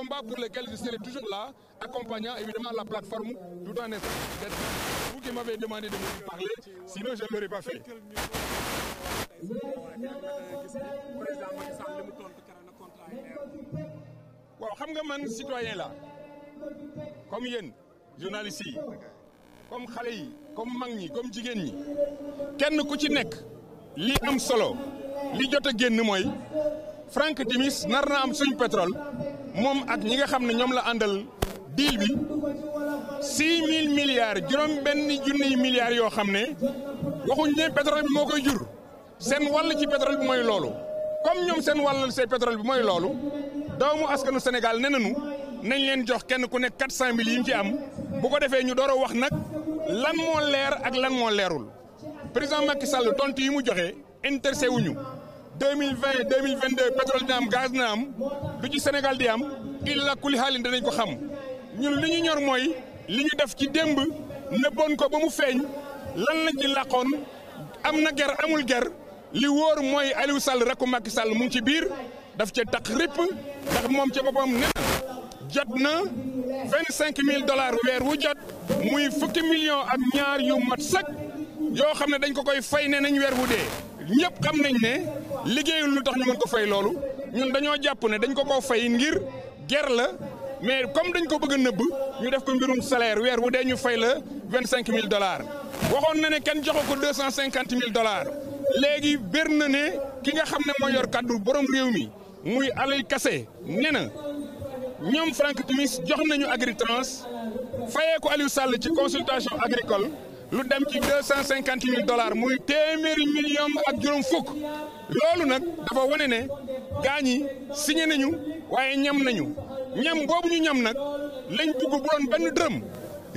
combat pour lequel je serai toujours là, accompagnant évidemment la waaw xam nga man citoyen la comme yéen journaliste yi comme xale yi comme mag ñi comme jigéen ñi kenn ku ci nekk li am solo li jot a génn mooy Frank dimis nar na am suñ pétrole moom ak ñi nga xam ne ñoom la àndal deal bi six mille milliards juróom benn yi milliards yoo xam ne waxuñ ne pétrole bi moo koy jur seen wàll ci pétrole bi mooy loolu comme ñoom seen wàll see pétrole bi mooy loolu doomu askanu Sénégal ne nañu nañ leen jox kenn ku nekk quatre cent mille yi mu ci am bu ko defee ñu door a wax nag lan moo leer ak lan moo leerul président Macky Sall tontu yi mu joxe intéressé wuñu deux mille vingt deux mille vingt deux am gaz na am du ci Sénégal di am illa kuli xaalin danañ ko xam ñun li ñu ñor mooy li ñu def ci démb nëbboon ko ba mu feeñ lan lañ ci làqoon am na ger amul ger li wóor mooy Aliou Sall rakku Macky Sall mu ngi ci biir daf ca tax ripp ndax moom ca boppam nee na jot na vingt cinq mille dollars weer wu jot muy fukki million ak ñaar yu mat sëkk yoo xam ne dañ ko koy fay ne nañ weer wu dee ñëpp xam nañ ne liggéeyul lu tax ñu mën ko fay loolu ñun dañoo jàpp ne dañ ko ko fay ngir ger la mais comme dañ ko bëgg a nëbb ñu def ko mbirum salaire weer wu dee ñu fay la vingt cinq mille dollars waxoon na ne kenn jox ko deux cent cinquante mille dollars léegi bér na ne ki nga xam ne moo yor kàddu borom réew mi muy Aliou Kassé nee ñoom Franck Timis jox nañu Agritrans fayee ko Aliou Sall ci consultation agricole lu dem ci deux cent cinquante mille dollars muy téeméeri million ak juróom fukk loolu nag dafa wane ne gaañ yi signé nañu waaye ñam nañu ñam boobu ñu ñam nag lañ bugg bu doon benn dërëm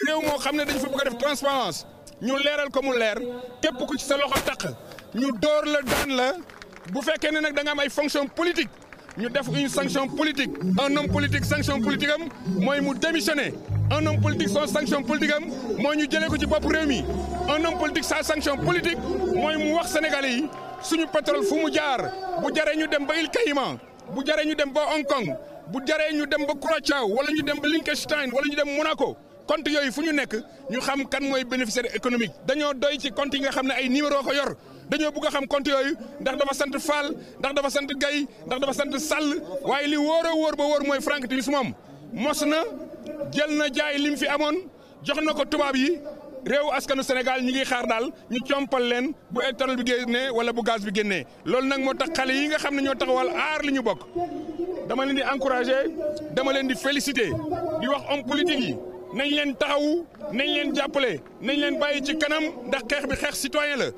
réew moo xam ne dañ fa bëgg def transparence ñu leeral ko mu leer képp ku ci sa loxo taq ñu door la daan la bu fekkee ne nag da am ay fonction politique ñu def une sanction politique un homme politique sanction politique am mooy mu démissionner un homme politique son sanction politique am mooy ñu jëlee ko ci bopp réew mi un homme politique sa mooy mu wax sénégalais yi suñu pétrole fu mu jaar bu jaree ñu dem ba Îles Caïmans bu jaree ñu dem ba Hong Kong bu jaree ñu dem ba Curaçao wala ñu dem ba Liechtenstein wala ñu dem Monaco compte yooyu fu ñu nekk ñu xam kan mooy bénéficiaire économique dañoo doy ci compte yi nga xam ne ay numéro ko yor dañoo bëgg a xam compte yooyu ndax dafa sant Fall ndax dafa sant Gaye ndax dafa sant Sall waaye li wóor a wóor ba wóor mooy Frank Timis moom mos na jël na jaay li mu fi amoon jox na ko tubaab yi réew askanu Sénégal ñi ngi xaar daal ñu compal leen bu électoral bi génnee wala bu gaz bi génnee loolu nag moo tax xale yi nga xam ne ñoo taxawal aar li ñu bokk dama leen di encouragé dama leen di félicité di wax homme politique yi nañ leen taxawu nañ leen jàppale nañ leen bàyyi ci kanam ndax xeex bi xeex citoyen la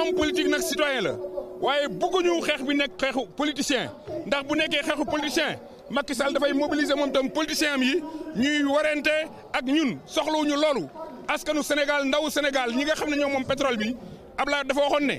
homme politique nag citoyen la waaye bëgguñu xeex bi nekk xeexu politicien ndax bu nekkee xeexu politicien Macky Sall dafay mobiliser moom tam politiciens am yi ñuy warante ak ñun soxlawuñu loolu askanu Sénégal ndaw Sénégal ñi nga xam ne ñoom moom pétrole bi Abdoulaye dafa waxoon ne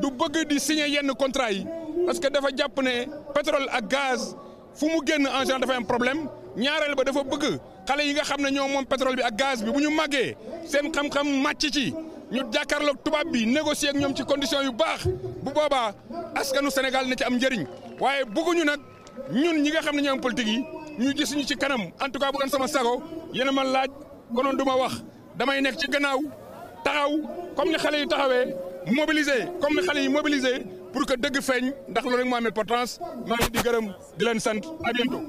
du bëgg di signer yenn contrat yi parce que dafa jàpp ne pétrole ak gaz fu mu génn en général dafay am problème ñaareel ba dafa bëgg xale yi nga xam ne ñoom moom pétrole bi ak gaz bi bu ñu màggee seen xam-xam màcc ci ñu jàkkaarloog tubaab bi négocier ak ñoom ci condition yu baax bu boobaa askanu Sénégal na ci am njëriñ waaye bëgguñu ñun ñi nga xam ne ñoo am yi ñu gis ñu ci kanam en tout cas bu doon sama sago yéen man laaj konoon du ma wax damay nekk ci gannaaw taxaw comme ni xale yi taxawee mobiliser comme ni xale yi mobiliser pour que dëgg feeñ ndax loolu rek moo am importance maa ngi di gërëm di leen sant à bientôt